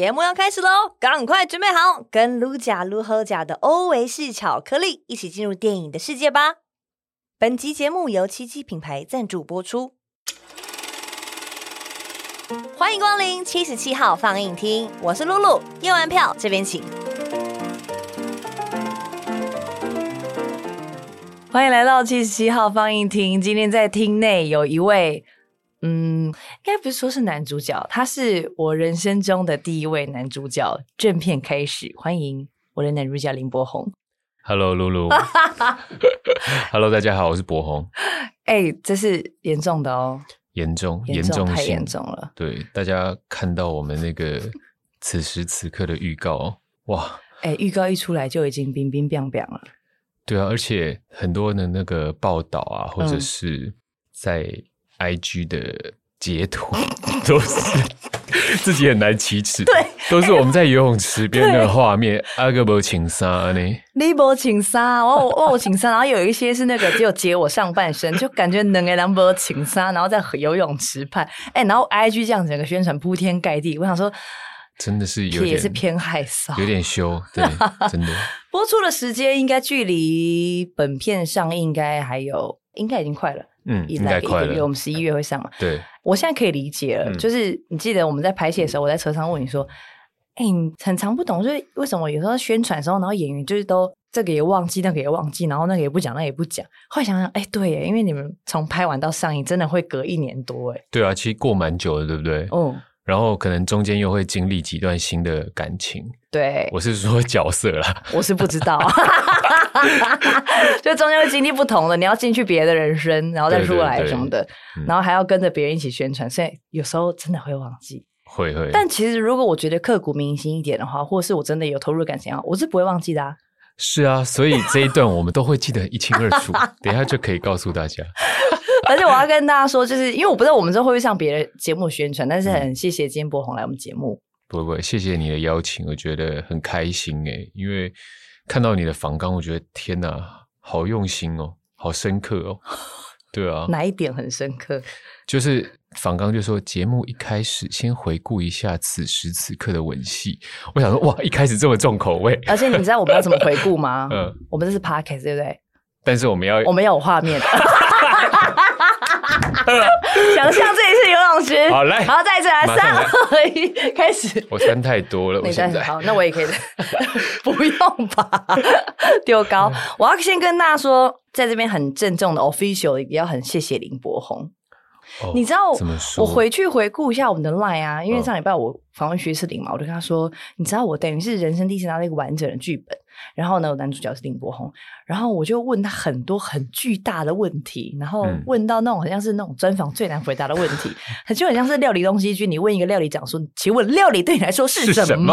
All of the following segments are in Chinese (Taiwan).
節目要開始嘍，趕快準備好，跟露假露和假的歐維氏巧克力一起進入電影的世界吧！本集節目由七七品牌贊助播出。歡迎光臨七十七號放映廳，我是露露，驗完票這邊請。歡迎來到七十七號放映廳，今天在廳內有一位。嗯，應該不是說是男主角，他是我人生中的第一位男主角。正片開始，歡迎我的男主角林柏宏。Hello，露露。Hello，大家好，我是柏宏。哎、欸，這是嚴重的哦，嚴重，嚴重，嚴重太嚴重了。對，大家看到我們那個此時此刻的預告，哇！哎、欸，預告一出來就已經冰冰涼涼了。對啊，而且很多的那個報道啊，或者是在、嗯。I G 的截圖都是自己很難啟齒， 對，都是我們在游泳池邊的畫面。阿哥不請殺、啊、你請，不博請殺我，我請殺。然後有一些是那個就截我上半身， 就感覺能給梁博請殺，然後在游泳池拍。哎、欸，然後 I G 這樣整個宣傳鋪天蓋地，我想說，真的是有點，也是偏害羞，有點羞，對， 真的。播出的時間應該距離本片上映應該還有，應該已經快了。嗯，一直在快樂，因為我們十一月會上嘛？對，我現在可以理解了。嗯、就是你記得我們在拍戲的時候，我在車上問你說：“哎、嗯，欸、你很常不懂，就是為什麼有時候宣傳的時候，然後演員就是都這個也忘記，那個也忘記，然後那個也不講，那個、也不講。後來想想，哎、欸，對欸，因為你們從拍完到上映，真的會隔一年多、欸，哎，對啊，其實過蠻久的，對不對？嗯。然後可能中間又會經歷幾段新的感情，對，我是說角色啦， 我是不知道， 就中間會經歷不同的，你要進去別的人生，然後再出來什麼的，對對對，然後還要跟着別人一起宣傳，嗯，所以有時候真的會忘記，會會。但其實如果我覺得刻骨銘心一點的話，或是我真的有投入的感情的話，我是不會忘記的啊。是啊，所以這一段我們都會記得一清二楚， 等一下就可以告訴大家。 而且我要跟大家說，就是因為我不知道我們這會不會向別的節目宣傳，但是很謝謝今天柏宏來我們節目、嗯。不不，謝謝你的邀請，我覺得很開心誒、欸，因為看到你的訪綱，我覺得天哪、啊，好用心哦、喔，好深刻哦、喔。對啊，哪一點很深刻？就是訪綱就說，節目一開始先回顧一下此時此刻的吻戲。我想說，哇，一開始這麼重口味。 而且你知道我們要怎麼回顧嗎？ 嗯，我們這是 Podcast 對不對？但是我們要，我們要有畫面。 哈！ 想象自己是游泳池，好嘞，好，再一次來，上來 開始。我穿太多了，我現在好，那我也可以的。 不用要吧？丟 丟高！ 我要先跟大家說，在這邊很鄭重的 official 也要很謝謝林柏宏。Oh, 你知道？我回去回顧一下我們的 line 啊，因為上禮拜我訪問徐世林嘛，oh. 我就跟他說，你知道我等於是人生第一次拿到一個完整的劇本。然後呢，男主角是林柏宏，然後我就問他很多很巨大的問題，然後問到那種好像是那種專訪最難回答的問題，他、嗯、就很像是料理東西軍， 你問一個料理講說，請問料理對你來說是什麼？什麼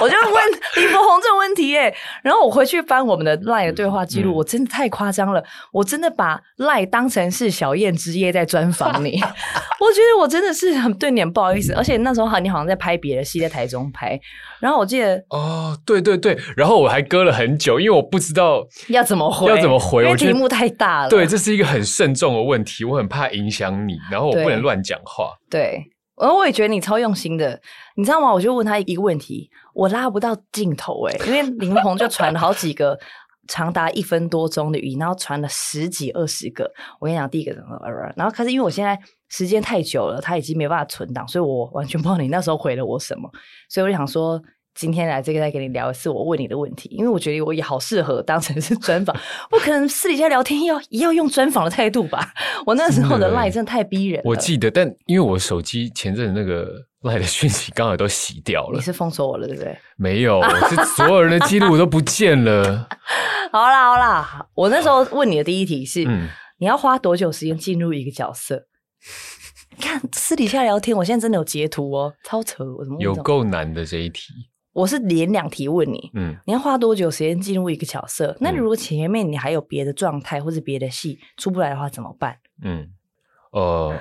我就問林柏宏這問題，哎，然後我回去翻我們的 LINE 的對話記錄、嗯，我真的太誇張了，我真的把 LINE 當成是小燕之夜在專訪你， 我覺得我真的是很對你很不好意思、嗯，而且那時候哈，你好像在拍別的戲，在台中拍，然後我記得哦，對對對，然後我還跟。喝了很久，因為我不知道要怎麼回，要怎麼回，我覺得題目太大了。對，這是一個很慎重的問題，我很怕影響你，然後我不能亂講話。對，然後我也覺得你超用心的，你知道嗎？我就問他一個問題，我拉不到鏡頭哎、欸，因為林柏宏就傳了好幾個長達一分多鐘的語音， 然後傳了十幾二十個。我跟你講，第一個人說“啊”，然後可是，因為我現在時間太久了，他已經沒辦法存檔，所以我完全不知道你那時候回了我什麼。所以我就想說。今天來這個再跟你聊一次我問你的問題，因為我覺得我也好適合當成是專訪，不 可能私底下聊天要要用專訪的態度吧？我那時候的賴真的太逼人了。嗯，我記得，但因為我手機前陣那個賴的訊息剛好都洗掉了，你是封鎖我了對不對？沒有，我所有人的記錄我都不見了。 好啦好啦，我那時候問你的第一題是，嗯、你要花多久時間進入一個角色？ 你看私底下聊天，我現在真的有截圖哦，超扯，有夠難的這一題。我是連兩題問你，嗯，你要花多久時間進入一個角色、嗯？那如果前面你還有別的狀態或者別的戲出不來的話，怎麼辦？嗯，呃，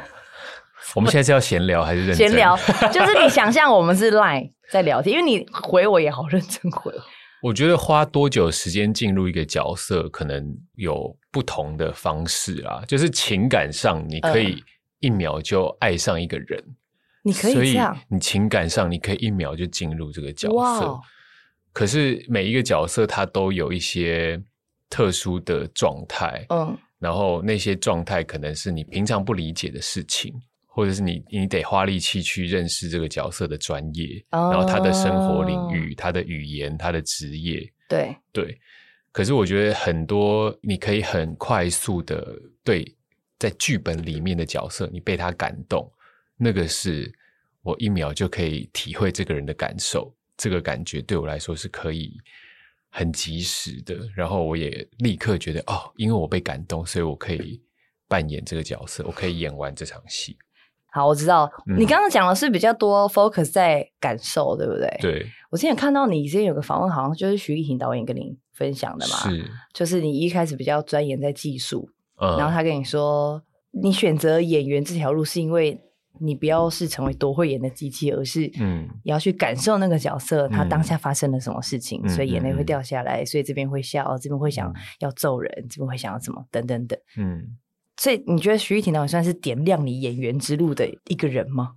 我們現在是要閒聊還是認真？閒聊就是你想象我們是 LINE 在聊天， 因為你回我也好認真回我。我覺得花多久時間進入一個角色，可能有不同的方式啊。就是情感上，你可以一秒就愛上一個人。呃你可以這樣。所以你情感上，你可以一秒就進入這個角色。Wow。可是每一個角色，它都有一些特殊的狀態。嗯。Oh. 然後那些狀態可能是你平常不理解的事情，或者是你你得花力氣去認識這個角色的專業，Oh. 然後他的生活領域、他的語言、他的職業。Oh. 對對。可是我覺得很多，你可以很快速的對在劇本裡面的角色，你被他感動。那個是我一秒就可以體會這個人的感受，這個感覺對我來說是可以很及時的，然後我也立刻覺得哦，因為我被感動，所以我可以扮演這個角色，我可以演完這場戲。好，我知道、嗯、你剛剛講的是比較多 focus 在感受，對不對？對。我之前看到你之前有個訪問，好像就是徐立庭導演跟你分享的嘛，是，就是你一開始比較鑽研在技術、嗯，然後他跟你說，你選擇演員這條路是因為。你不要是成為多會演的機器，而是嗯，要去感受那個角色、嗯、他當下發生了什麼事情，嗯、所以眼淚會掉下來，嗯、所以這邊會笑，這邊會想要揍人，這邊會想要什麼等等等，嗯，所以你覺得徐玉婷導演算是點亮你演員之路的一個人嗎？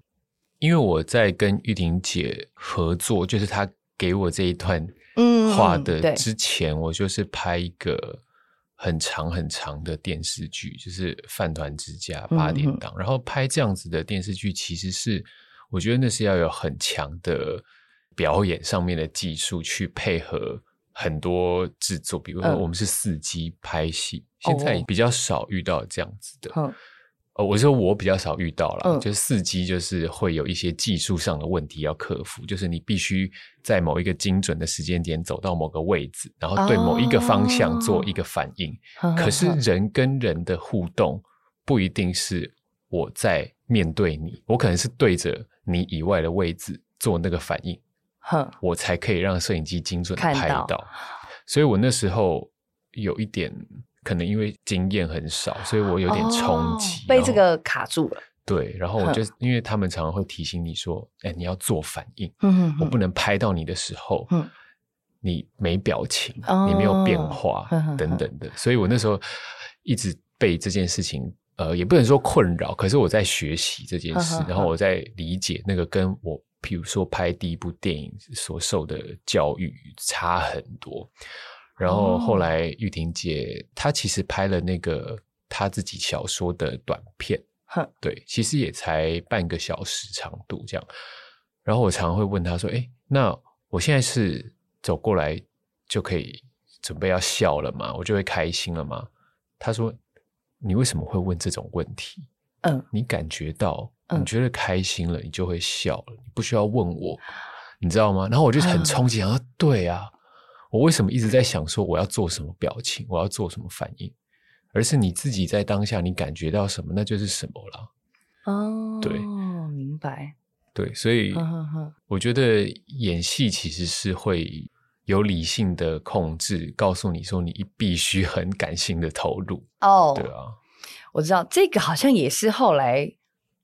因為我在跟玉婷姐合作，就是她給我這一段嗯話的之前，嗯，我就是拍一個。很長很長的電視劇，就是飯團之家八點檔。嗯嗯。然後拍這樣子的電視劇，其實是我覺得那是要有很強的表演上面的技術去配合很多制作。比如說，我們是四機拍戲。嗯，現在比較少遇到這樣子的。哦。嗯。呃、哦，我說我比較少遇到啦，嗯、就是四機就是會有一些技術上的問題要克服，就是你必須在某一個精準的時間點走到某個位置，然後對某一個方向做一個反應。哦、可是人跟人的互動不一定是我在面對你，我可能是對着你以外的位置做那個反應，哦、我才可以讓攝影機精準地拍到，到。所以我那時候有一點。可能因為經驗很少，所以我有點衝擊，哦，被這個卡住了。對，然後我就因為他們常常會提醒你說：“哎、欸，你要做反應。哼哼哼”嗯嗯，我不能拍到你的時候，嗯，你沒表情，你沒有變化哼哼哼，等等的。所以我那時候一直被這件事情，呃，也不能說困擾，可是我在學習這件事哼哼哼，然後我在理解那個跟我，譬如說拍第一部電影所受的教育差很多。然後後來，玉婷姐、哦、她其實拍了那個她自己小說的短片，對，其實也才半個小時長度這樣。然後我常常會問她說：“哎、欸，那我現在是走過來就可以準備要笑了嗎？我就會開心了嗎？”她說：“你為什麼會問這種問題？嗯，你感覺到你、嗯、覺得開心了，你就會笑了，你不需要問我，你知道嗎？”然後我就很憧憬，啊、嗯，對啊。我為什麼一直在想說我要做什麼表情，我要做什麼反應？而是你自己在當下，你感覺到什麼，那就是什麼了。哦，對，哦，明白。對，所以我覺得演戲其實是會有理性的控制，告訴你說你必須很感性的投入。哦，對啊，我知道這個好像也是後來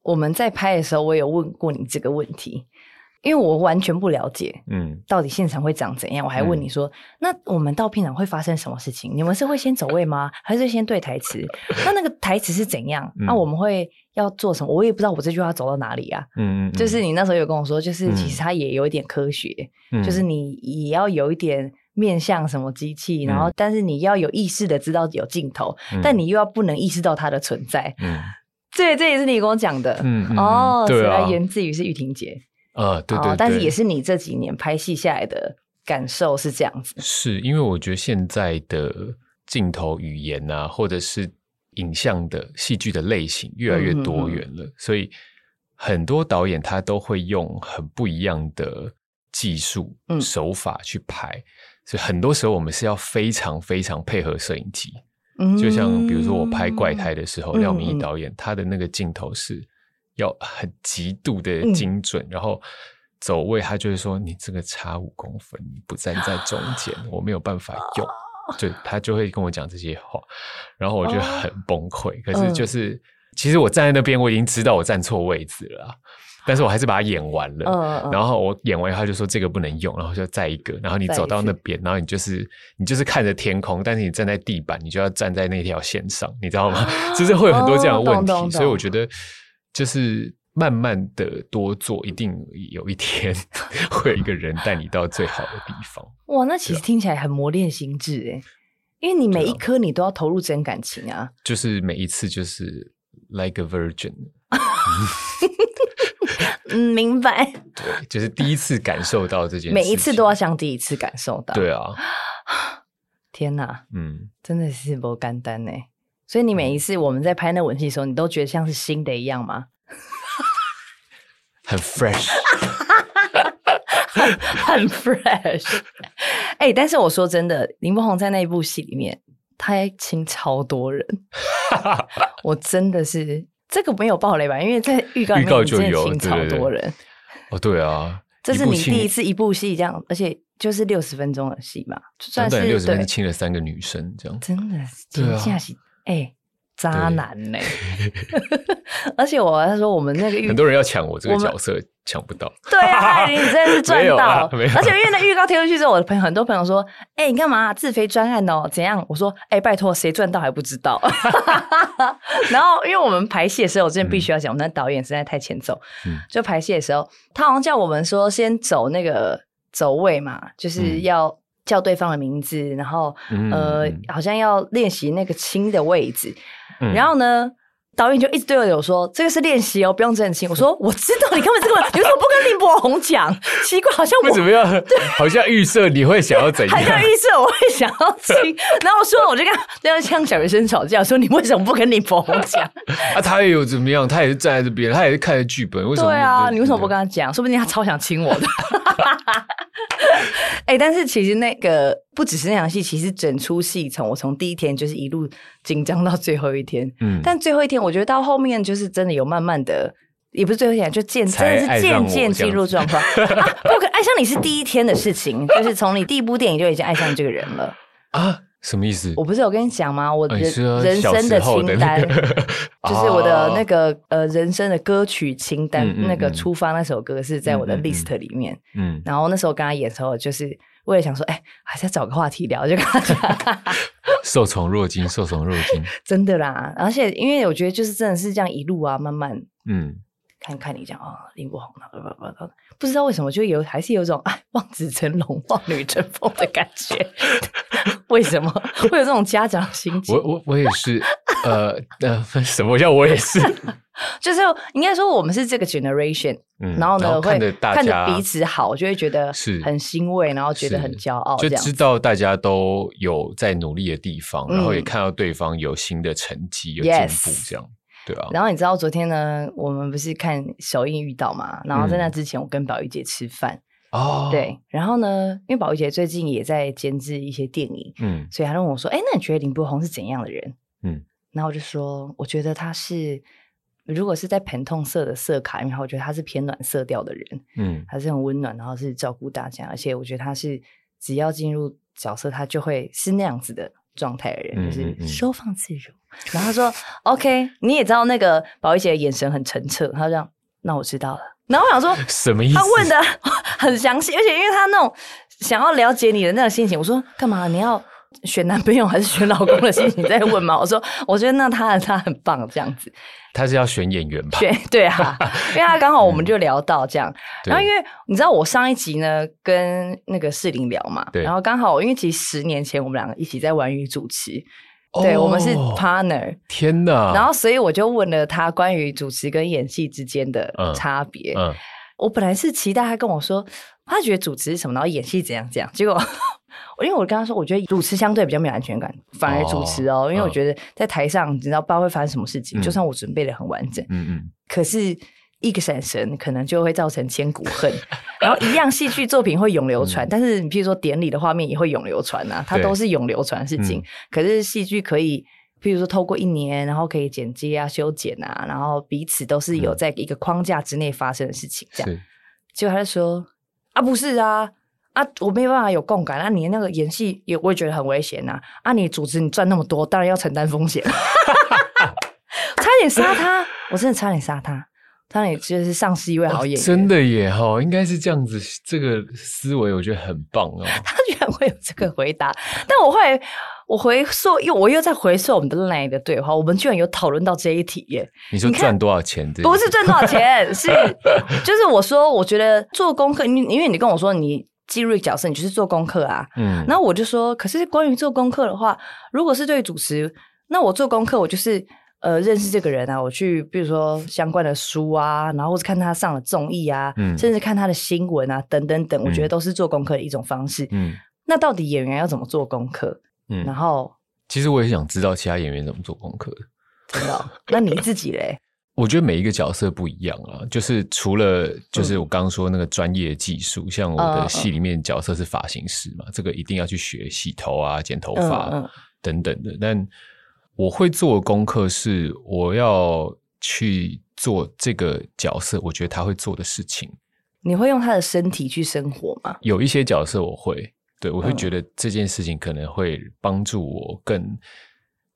我們在拍的時候，我有問過你這個問題。因為我完全不了解，嗯，到底現場會長怎樣？嗯、我還問你說，嗯、那我們到片場會發生什麼事情？你們是會先走位嗎？還是先對台詞？ 那那個台詞是怎樣？那、嗯啊、我們會要做什麼？我也不知道，我這句話要走到哪裡啊嗯？嗯，就是你那時候有跟我說，就是其實它也有一點科學，嗯、就是你也要有一點面向什麼機器、嗯，然後但是你要有意識的知道有鏡頭、嗯，但你又要不能意識到它的存在。嗯，這這也是你跟我講的，嗯，哦，對哦、啊，源自於是玉婷姐。啊、嗯，對對，對，對、哦，但是也是你這幾年拍戲下來的感受是這樣子。是因為我覺得現在的鏡頭語言啊，或者是影像的戲劇的類型越來越多元了，嗯嗯嗯，所以很多導演他都會用很不一樣的技術、嗯、手法去拍，所以很多時候我們是要非常非常配合攝影機。嗯、就像比如說我拍《怪胎》的時候，廖、嗯嗯、明毅導演他的那個鏡頭是。要很極度的精準，嗯、然後走位，他就會說：“你這個差五公分，你不站在中間， 我沒有辦法用。”就他就會跟我講這些話，然後我就很崩潰。哦、可是就是、嗯，其實我站在那邊，我已經知道我站錯位置了，但是我還是把它演完了。嗯嗯、然後我演完，他就說：“這個不能用。”然後就再一個，然後你走到那邊，然後你就是你就是看着天空，但是你站在地板，你就要站在那條線上，你知道嗎？哦、就是會有很多這樣的問題，哦、所以我覺得。就是慢慢的多做，一定有一天會有一個人帶你到最好的地方。哇，那其實聽起來很磨練心智哎。對啊，因為你每一科你都要投入真感情啊。就是每一次就是 like a virgin， 嗯、明白。對，就是第一次感受到這件事。每一次都要像第一次感受到。對啊，天哪，嗯，真的是不簡單呢。所以你每一次我們在拍那吻戲的時候，你都覺得像是新的一樣嗎？很 fresh，很 fresh。哎、 欸，但是我說真的，林柏宏在那一部戲裡面，他還親超多人。 我真的是這個沒有暴雷吧？因為在預告裡面預告就有，真的對對對，超多人對對對。哦，對啊，這是你一第一次一部戲這樣，而且就是六十分鐘的戲嘛，就算是六十分鐘親了三個女生這樣，真的是，對啊。哎、欸，渣男呢、欸？ 而且我還說我們那個 很多人要搶我這個角色，搶不到。 對啊、 哎，你真的是賺到！而且因為那預告貼出去之後，我的朋友，很多朋友說：“哎、欸，你幹嘛自肥專案哦、喔？怎樣？”我說：“哎、欸，拜託，誰賺到還不知道。 ”然後，因為我們排戲的時候，我之前必須要講、嗯，我們的導演實在太欠揍。就排戲的時候，他好像叫我們說先走那個走位嘛，就是要，叫對方的名字，然後、嗯、呃，好像要練習那個親的位置。嗯、然後呢，導演就一直對我有說：“這個是練習哦，不用真親。”我說：“ 我知道，你根本這個，為什麼不跟林柏宏講？ 奇怪，好像我怎麼樣對？好像預設你會想要怎樣？ 好像預設我會想要親。然後我說了，我就跟他這樣像小學生吵架，說你為什麼不跟林柏宏講？ 啊，他也有怎麼樣？他也是站在這邊，他也是看着劇本。為什麼對、啊？對啊，你為什麼不跟他講？說不定他超想親我的。 ”哎、 欸，但是其實那個不只是那場戲，其實整出戲從我從第一天就是一路緊張到最後一天。嗯，但最後一天我覺得到後面就是真的有慢慢的，也不是最後一天，就漸漸進入狀況。啊，不可，愛上你是第一天的事情，就是從你第一部電影就已經愛上你這個人了、啊什麼意思？我不是有跟你講嗎？我人人生的清單，啊是那個、 就是我的那個呃人生的歌曲清單，哦、那個出發那首歌是在我的 list 裡面。嗯，嗯嗯嗯然後那時候我跟他演的時候，就是為了想說，哎、欸，還是要找個話題聊，就跟他講 。受寵若驚，受寵若驚。真的啦，而且因為我覺得就是真的是這樣一路啊，慢慢嗯。看看你這樣，啊、哦，林柏宏，不不不，不知道為什麼，就有還是有這種啊、哎，望子成龍、望女成鳳的感覺。 為什麼會有這種家長心情？我我我也是， 呃呃，什麼叫我也是？ 就是應該說我們是這個 generation，、嗯、然後呢，後，看會看着彼此好，就會覺得是很欣慰，然後覺得很驕傲。就知道大家都有在努力的地方，然後也看到對方有新的成績、嗯、有進步，這樣。Yes. 然後你知道昨天呢，我們不是看首映遇到嘛？然後在那之前，我跟寶玉姐吃飯。哦、嗯，對，然後呢，因為寶玉姐最近也在監製一些電影，嗯，所以她問我說：“哎、欸，那你覺得林柏宏是怎樣的人？”嗯，然後我就說：“我覺得他是如果是在 Pantone 色的色卡，然後我覺得他是偏暖色調的人，嗯，還是很溫暖，然後是照顧大家，而且我覺得他是只要進入角色，他就會是那樣子的。”狀態的人，就是收放自如，嗯嗯嗯，然後他說 ：“OK，你也知道那個保怡姐的眼神很澄澈，他就這樣，那我知道了。”然後我想說什麼意思？他問的很詳細，而且因為他那種想要了解你的那種心情，我說幹嘛你要？選男朋友還是選老公的事情，你在問嗎？ 我說，我覺得那他他很棒，這樣子。他是要選演員吧？選對啊、 嗯，因為他剛好我們就聊到這樣。然後因為你知道，我上一集呢跟那個世林聊嘛，然後剛好因為其實十年前我們兩個一起在完娛主持，對，對、oh, 我們是 partner。天哪！然後所以我就問了他關於主持跟演戲之間的差別、嗯嗯。我本來是期待他跟我說，他覺得主持是什麼，然後演戲怎樣怎樣，結果。 我因為我跟他說，我覺得主持相對比較沒有安全感，反而主持、喔、哦，因為我覺得在台上，你知道不知道會發生什麼事情？嗯、就算我準備的很完整，嗯嗯，可是一個閃神可能就會造成千古恨。 然後一樣戲劇作品會永流傳、嗯，但是你比如說典禮的畫面也會永流傳、啊嗯、它都是永流傳的事情。嗯、可是戲劇可以，比如說透過一年，然後可以剪接啊、修剪啊，然後彼此都是有在一個框架之內發生的事情，這樣、嗯。結果他就說啊，不是啊。啊，我沒辦法有共感。那、啊、你那個演戲也會覺得很危險呐、啊？啊，你主持你賺那麼多，當然要承擔風險。 差點殺他，我真的差點殺他。他也就是喪失一位好演員，真的耶！哈、哦，應該是這樣子。這個思維我覺得很棒哦。他居然會有這個回答。但我後來我回溯，因我又在回溯我們的那一個對話，我們居然有討論到這一題。你說賺多少錢？不，不是賺多少錢，是 就是我說，我覺得做功課，因因為你跟我說你。進入角色，你就是做功課啊。嗯，那我就說，可是關於做功課的話，如果是對主持，那我做功課，我就是呃認識這個人啊，我去比如說相關的書啊，然後或者看他上了綜藝啊、嗯，甚至看他的新聞啊等等等，我覺得都是做功課的一種方式。嗯，那到底演員要怎麼做功課？嗯，然後其實我也想知道其他演員怎麼做功課 真的、哦，那你自己嘞？我覺得每一個角色不一樣啊，就是除了就是我剛剛說那個專業技術、嗯，像我的戲裡面角色是髮型師嘛、嗯，這個一定要去學洗頭啊、剪頭髮、嗯、等等的。但我會做的功課是，我要去做這個角色，我覺得他會做的事情。你會用他的身體去生活嗎？有一些角色我會，對，我會覺得這件事情可能會幫助我更。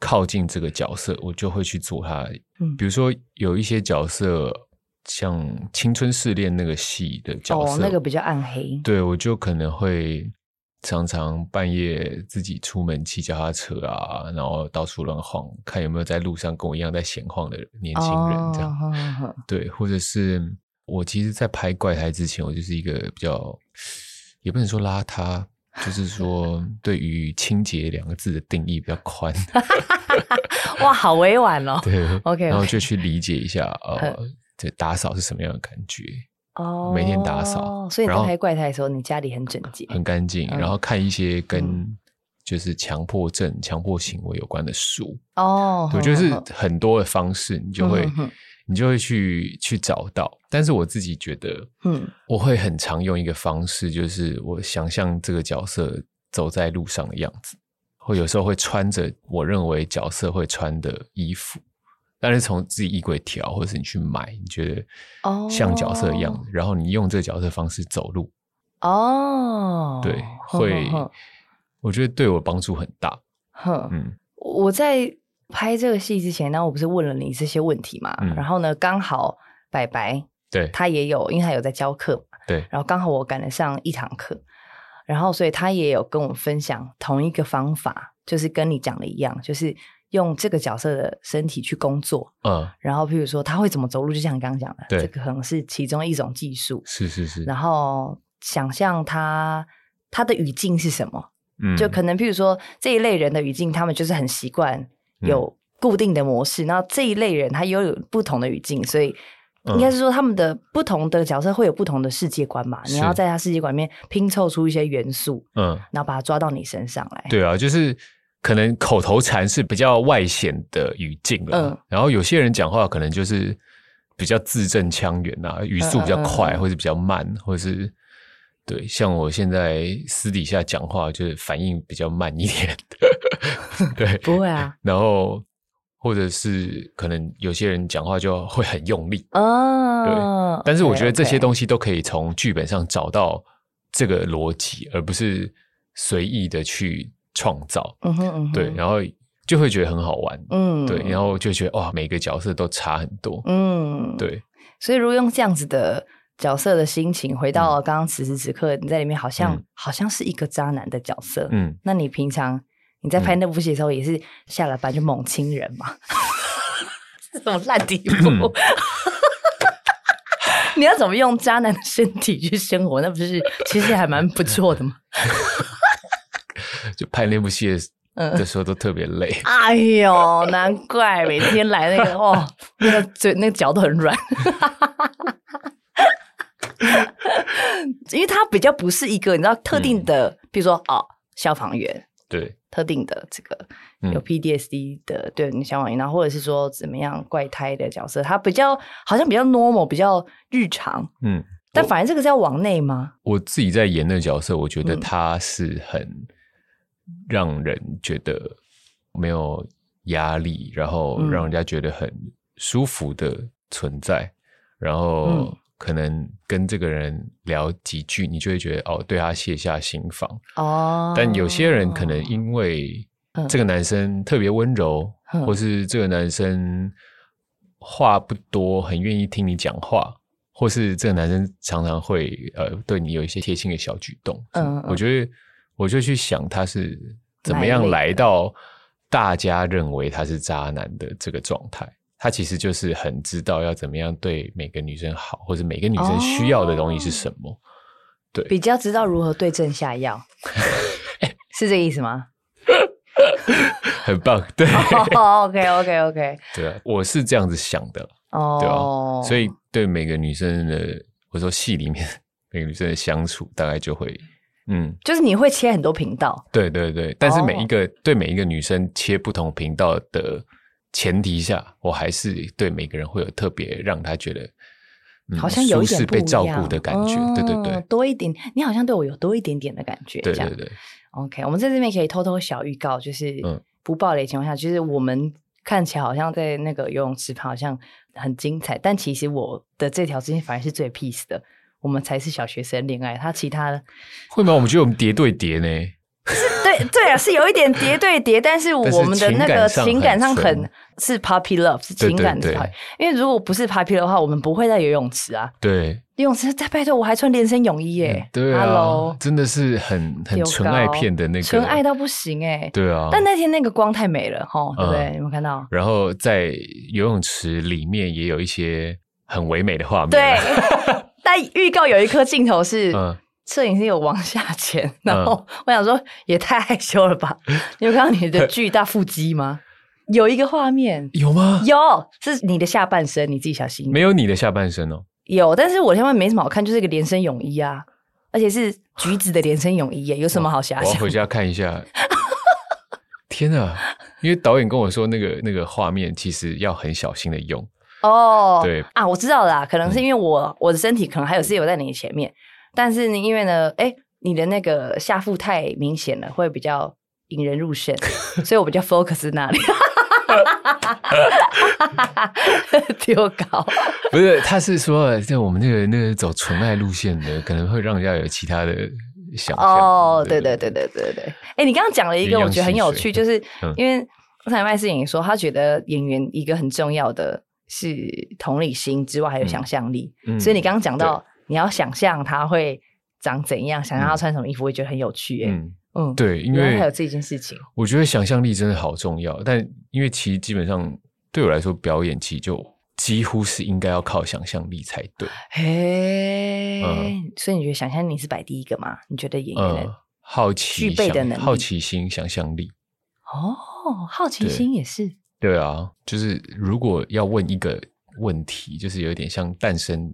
靠近這個角色，我就會去做它、嗯。比如說，有一些角色，像《青春試煉》那個戲的角色，哦，那個比較暗黑。對，我就可能會常常半夜自己出門騎腳踏車啊，然後到處亂晃，看有沒有在路上跟我一樣在閒晃的年輕人這樣。哦、對呵呵，或者是我其實，在拍《怪胎》之前，我就是一個比較也不能說邋遢。 就是說，對於“清潔”兩個字的定義比較寬 。哇，好委婉哦。 對，OK, okay. 然後就去理解一下，呃， 這打掃是什麼樣的感覺。哦、oh，每天打掃。所以你拍怪胎的時候，你家裡很整潔。很乾淨、嗯，然後看一些跟就是強迫症、嗯、強迫行為有關的書。哦、oh，我就是很多的方式，你就會。 你就會去去找到，但是我自己覺得，嗯，我會很常用一個方式，就是我想象這個角色走在路上的樣子，或有時候會穿着我認為角色會穿的衣服，但是從自己衣櫃挑，或者是你去買，你覺得哦像角色一樣、oh. 然後你用這個角色方式走路，哦、oh.，對，會，oh. 我覺得對我幫助很大，哼、oh.，嗯，我在拍這個戲之前呢，那我不是問了你這些問題嘛？嗯。然後呢，剛好白白對他也有，因為他有在教課對。然後剛好我趕得上一堂課，然後所以他也有跟我分享同一個方法，就是跟你講的一樣，就是用這個角色的身體去工作。嗯。然後，譬如說他會怎麼走路，就像你剛剛講的，這個可能是其中一種技術。是是是。然後想象他他的語境是什麼？嗯。就可能，譬如說這一類人的語境，他們就是很習慣。嗯、有固定的模式，那這一類人他又有不同的語境，所以應該是說他們的不同的角色會有不同的世界觀嘛，嗯。你要在他世界觀裡面拼湊出一些元素，嗯，然後把它抓到你身上來。對啊，就是可能口頭禪是比較外顯的語境了，嗯，然後有些人講話可能就是比較字正腔圓啊，語速比較快，嗯嗯，或者比較慢，或者是對，像我現在私底下講話就是反應比較慢一點的。 對，不會啊。然後，或者是可能有些人講話就會很用力嗯、哦，但是我覺得這些東西都可以從劇本上找到這個邏輯，而不是隨意的去創造嗯。嗯哼，對，然後就會覺得很好玩。嗯，對，然後就會覺得哇，每個角色都差很多。嗯，對。所以，如果用這樣子的角色的心情，回到剛剛此時此刻，嗯、你在裡面好像、嗯、好像是一個渣男的角色。嗯，那你平常？你在拍那部戲的時候，也是下了班就猛親人嘛？這種爛底褲？嗯、 你要怎麼用渣男的身體去生活？那不是其實還蠻不錯的嘛？ 就拍那部戲的時候都特別累、嗯。哎呦，難怪每天來那個 哦，那個嘴、那個腳都很軟。 因為他比較不是一個你知道特定的，比、嗯、如說哦，消防員。對特定的這個有 PTSD 的、嗯、對你相往，然後或者是說怎麼樣怪胎的角色，他比較好像比較 normal 比較日常，嗯，但反正這個是要往內嗎我？我自己在演的角色，我覺得他是很讓人覺得沒有壓力、嗯，然後讓人家覺得很舒服的存在，然後、嗯。可能跟這個人聊幾句，你就會覺得哦，對他卸下心防。哦，oh，但有些人可能因為這個男生特別溫柔，oh. 或是這個男生話不多，很願意聽你講話，或是這個男生常常會呃對你有一些貼心的小舉動。嗯，oh，我覺得我就去想他是怎麼樣來到大家認為他是渣男的這個狀態。他其實就是很知道要怎麼樣對每個女生好，或者每個女生需要的東西是什麼。Oh, 對，比較知道如何對症下藥， 是這個意思嗎？ 很棒，對。Oh, OK OK OK。對啊，我是這樣子想的。哦、oh. 啊，所以對每個女生的，或者說戲裡面每個女生的相處，大概就會，嗯，就是你會切很多頻道。對對對，但是每一個、oh. 對每一個女生切不同頻道的。前提下，我還是對每個人會有特別讓他覺得、嗯、好像有一點是被照顧的感覺、嗯，對對對，多一點，你好像對我有多一點點的感覺，對對對。OK，我們在這邊可以偷偷小預告，就是不暴雷情況下、嗯，就是我們看起來好像在那個游泳池旁，好像很精彩，但其實我的這條之間反而是最 peace 的，我們才是小學生戀愛，他其他的。會嗎？我們覺得我們諜對諜呢？ 是對對啊，是有一點疊對疊，但是我們的那個情感上很，對對對感上很是 puppy love，是情感的因為如果不是 puppy 的話，我們不會在游泳池啊。對，游泳池在拜託，我還穿連身泳衣耶、欸嗯。哈囉、啊、真的是很很純愛片的那個，純愛到不行誒、欸、對啊，但那天那個光太美了哈，對不對？有沒有看到？然後在游泳池裡面也有一些很唯美的畫面。對， 但預告有一顆鏡頭是。嗯攝影師有往下潛，然後我想說也太害羞了吧、啊？你有看到你的巨大腹肌嗎？有一個畫面，有嗎？有，是你的下半身，你自己小心。沒有你的下半身哦？有，但是我下面沒什麼好看，就是一個連身泳衣啊，而且是橘子的連身泳衣耶，啊、有什麼好想？我要回家看一下。 天哪、啊！因為導演跟我說，那個那個畫面其實要很小心的用哦。對啊，我知道了啦，可能是因為我、嗯、我的身體可能還有自由在你的前面。但是呢，因為呢，哎、欸，你的那個下腹太明顯了，會比較引人入勝， 所以我比較 focus 那裡。丟 我搞，不是，他是說，在我們那個那個走純愛路線的，可能會讓人家有其他的想象。哦、oh,，對對對對對對，哎、欸，你剛剛講了一個我覺得很有趣，就是因為剛才麥世穎說，他覺得演員一個很重要的是同理心之外還有想象力、嗯嗯，所以你剛剛講到。你要想象他會長怎樣，想象他穿什麼衣服，會、嗯、覺得很有趣、欸。嗯、嗯、對，因為還有這件事情，我覺得想象力、嗯、力真的好重要。但因為其實基本上對我來說，表演其實就幾乎是應該要靠想象力才對。嘿、嗯，所以你覺得想象力是擺第一個嗎？你覺得演員、嗯、好奇具備的能力，好奇心、想象力哦，好奇心也是。對啊，就是如果要問一個問題，就是有點像誕生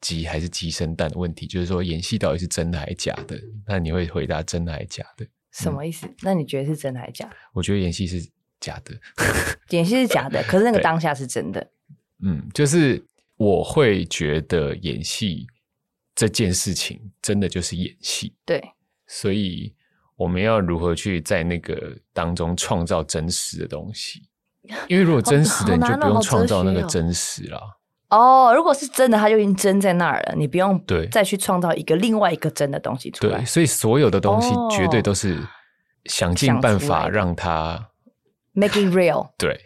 雞還是雞生蛋的問題，就是說演戲到底是真的還是假的？那你會回答真的還是假的、嗯？什麼意思？那你覺得是真還是假的？我覺得演戲是假的， 演戲是假的，可是那個當下是真的。嗯，就是我會覺得演戲這件事情真的就是演戲。對，所以我們要如何去在那個當中創造真實的東西？因為如果真實的，你就不用創造那個真實啦。哦、oh,，如果是真的，他就已經真在那兒了，你不用對，再去創造一個另外一個真的東西出來。對，所以所有的東西絕對都是想盡辦法讓它、oh, making real。對，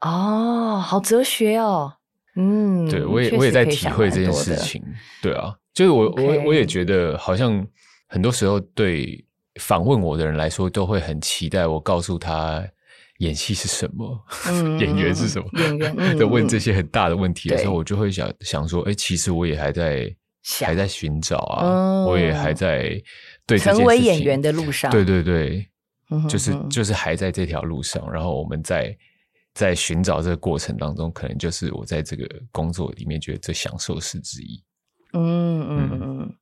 哦、oh,，好哲學哦，嗯，對我也我也在體會這件事情。對啊，就是我我、okay. 我也覺得，好像很多時候對訪問我的人來說，都會很期待我告訴他。演戲是、嗯嗯、 是什麼？演員是什麼？嗯嗯 在問這些很大的問題的時候，我就會想想說，哎、欸，其實我也還在還在尋找啊、嗯，我也還在對成為演員的路上。對對對，嗯、哼哼就是就是還在這條路上。然後我們在在尋找這個過程當中，可能就是我在這個工作裡面覺得最享受的事之一。嗯嗯嗯，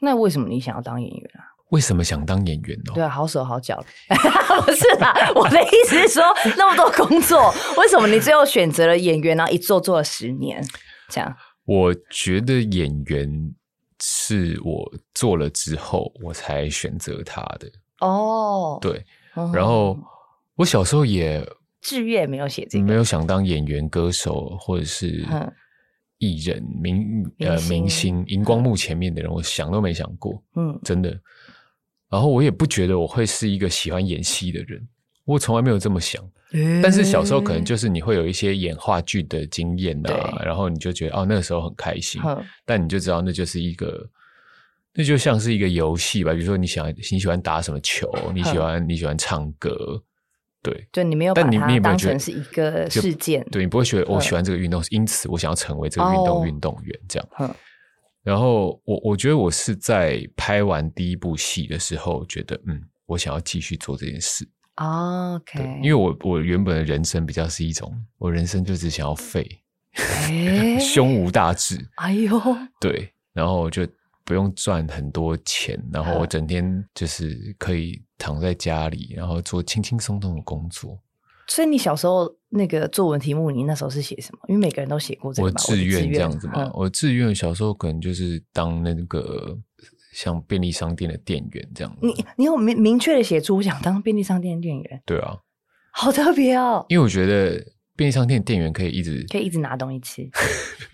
那為什麼你想要當演員啊？為什麼想當演員哦、喔？對啊，好手好腳 不是啦。 我的意思是說，那麼多工作，為什麼你最後選擇了演員，然後一做做了十年？這樣，我覺得演員是我做了之後我才選擇他的哦。Oh. 對，然後、oh. 我小時候也志願沒有寫這個，沒有想當演員、歌手或者是藝人、明呃明星、熒、呃、光幕前面的人，我想都沒想過。嗯，真的。然後我也不覺得我會是一個喜歡演戲的人，我從來沒有這麼想、嗯。但是小時候可能就是你會有一些演話劇的經驗吶、啊，然後你就覺得哦，那個時候很開心，但你就知道那就是一個，那就像是一個遊戲吧。比如說你想你喜歡打什麼球，你喜歡你喜歡唱歌，對，對，你沒有，但你也沒有覺得是一個事件。你你有沒有覺得，對，你不會覺得我喜歡這個運動，因此我想要成為這個運動運動員、哦、這樣。然後我我覺得我是在拍完第一部戲的時候，覺得嗯，我想要繼續做這件事。哦，OK，對，因為我我原本的人生比較是一種，我人生就只想要廢，欸、 胸無大志。哎呦，對，然後就不用賺很多錢，然後我整天就是可以躺在家裡，然後做輕輕鬆鬆的工作。所以你小時候那個作文題目，你那時候是寫什麼？因為每個人都寫過這個我志願這樣子嘛。我志願、嗯、小時候可能就是當那個像便利商店的店員這樣子。你你有明明確的寫出我想當便利商店的店員？對啊，好特別哦。因為我覺得。便利商店店員可以一直可以一直拿東西吃，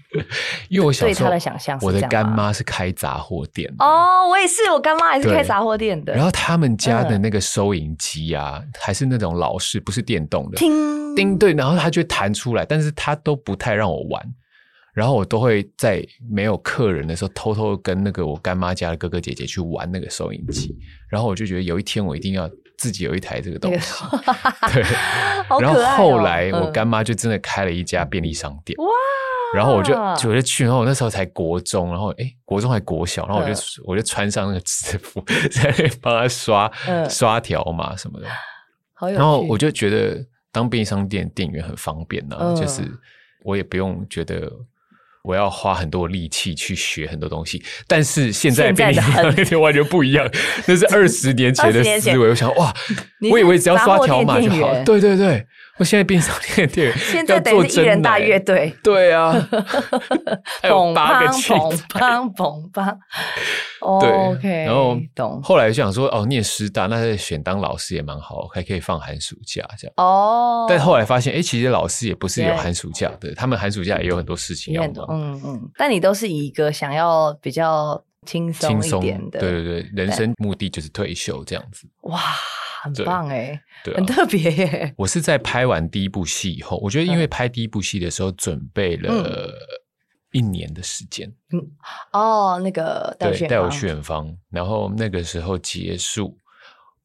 因為我想對他的想象我的乾媽是開雜貨店哦，我也是，我乾媽還是開雜貨店的。然後他們家的那個收銀機啊、嗯，還是那種老式，不是電動的，聽叮叮對。然後他就會彈出來，但是他都不太讓我玩。然後我都會在沒有客人的時候，偷偷跟那個我乾媽家的哥哥姐姐去玩那個收銀機。然後我就覺得有一天我一定要。自己有一臺這個東西， 對，然後後來我乾媽就真的開了一家便利商店，哇！然後我就我就去，然後我那時候才國中，然後哎、欸，國中還國小，然後我就、嗯、我就穿上那個制服，在 幫他刷、嗯、刷條碼什麼的。然後我就覺得當便利商店店員很方便呢、啊嗯，就是我也不用覺得。我要花很多力氣去學很多東西，但是現在變得完全不一樣，那是二十年前的思維。 我想，哇，我以為只要刷條碼就好電電，對對對。 我現在變上電視，啊、現在等於一人大樂隊， 還有八個，對啊，蹦蹦蹦蹦，對，然後後來就想說，哦，念師大，那在選當老師也蠻好，還可以放寒暑假這樣。哦，但後來發現，哎、欸，其實老師也不是有寒暑假的，對，他們寒暑假也有很多事情要忙。嗯嗯，嗯。但你都是以一個想要比較輕鬆一點的，輕鬆，對對對，人生目的就是退休這樣子。哇。很棒，哎、欸，對，對啊，很特別耶、欸！我是在拍完第一部戲以後，我覺得因為拍第一部戲的時候準備了一年的時間、嗯，嗯，哦，那個，對，帶我去遠方，然後那個時候結束，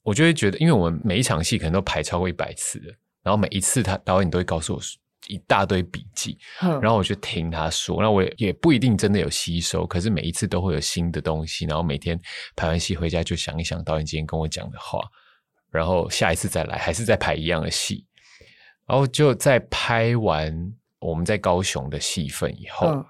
我就會覺得，因為我們每一場戲可能都排超過一百次的，然後每一次他導演都會告訴我一大堆筆記，嗯，然後我就聽他說，那我也不一定真的有吸收，可是每一次都會有新的東西，然後每天拍完戲回家就想一想導演今天跟我講的話。然後下一次再來，還是再拍一樣的戲，然後就在拍完我們在高雄的戲份以後、嗯，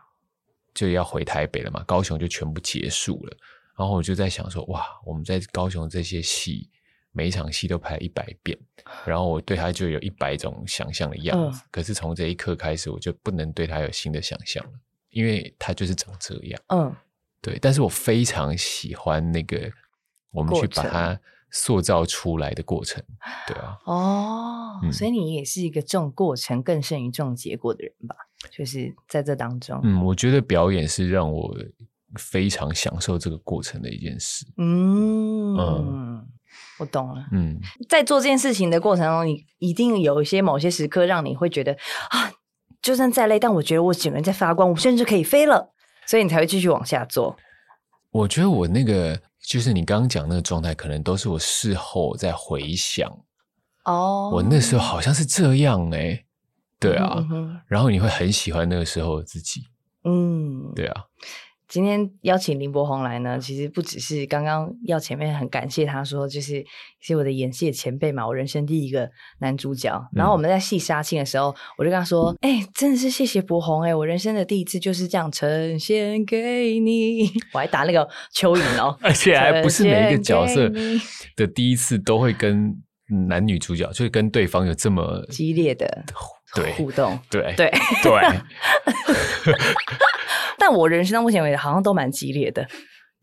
就要回台北了嘛。高雄就全部結束了，然後我就在想說，哇，我們在高雄這些戲，每一場戲都拍了一百遍，然後我對他就有一百種想象的樣子。嗯、可是從這一刻開始，我就不能對他有新的想象了，因為他就是長這樣。嗯，對。但是我非常喜歡那個，我們去把它。塑造出來的過程，對啊，哦，嗯，所以你也是一個重過程更勝於重結果的人吧？就是在這當中，嗯，我覺得表演是讓我非常享受這個過程的一件事。嗯嗯，我懂了。嗯，在做這件事情的過程中，你一定有一些某些時刻讓你會覺得啊，就算再累，但我覺得我整個人在發光，我甚至可以飛了，所以你才會繼續往下做。我覺得我那個。就是你剛剛講那個狀態，可能都是我事後在回想哦，oh. 我那時候好像是這樣誒、欸、對啊， 然後你會很喜歡那個時候的自己，嗯、oh.，對啊。今天邀請林柏宏來呢，其實不只是剛剛要前面很感謝他說，就是是我的演戲的前輩嘛，我人生第一個男主角。嗯、然後我們在戲殺青的時候，我就跟他說：“哎、嗯欸，真的是謝謝柏宏，哎，我人生的第一次就是這樣呈現給你。”我還打那個蚯蚓哦， 而且還不是每一個角色的第一次都會跟男女主角，就是跟對方有這麼激烈的互動，對對對。對 但我人生到目前為止好像都蠻激烈的，